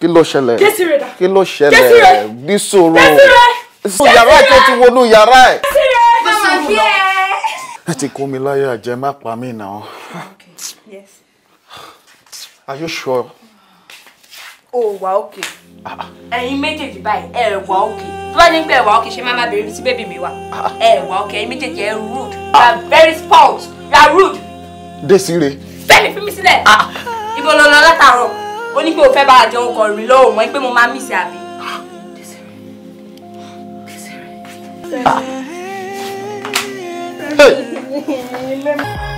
kí ló ṣẹlẹ̀ kí ló ṣẹlẹ̀ ní sòrò sọ yàrá tó ti wọnú yàrá ẹ̀. ẹ ti kó mi láyà jẹ má pa mí náà. Are you sure? o wà òkè ẹ̀yin méjèèjì báyìí ẹ wà òkè tó bá ní pé ẹ wà òkè ṣe má má bèrè sí bébì mi wa. ẹ wà òkè ẹ̀yin méjèèjì ẹ rude you are very spoilt you are rude. Desire. bẹ́ẹ̀ni fi mi sílẹ̀. Ah, ó ní pé o fẹ́ bá a jẹun kọ̀ rí lọ́wọ́ mọ́ pé mo máa mí ah, sí ah. Hey!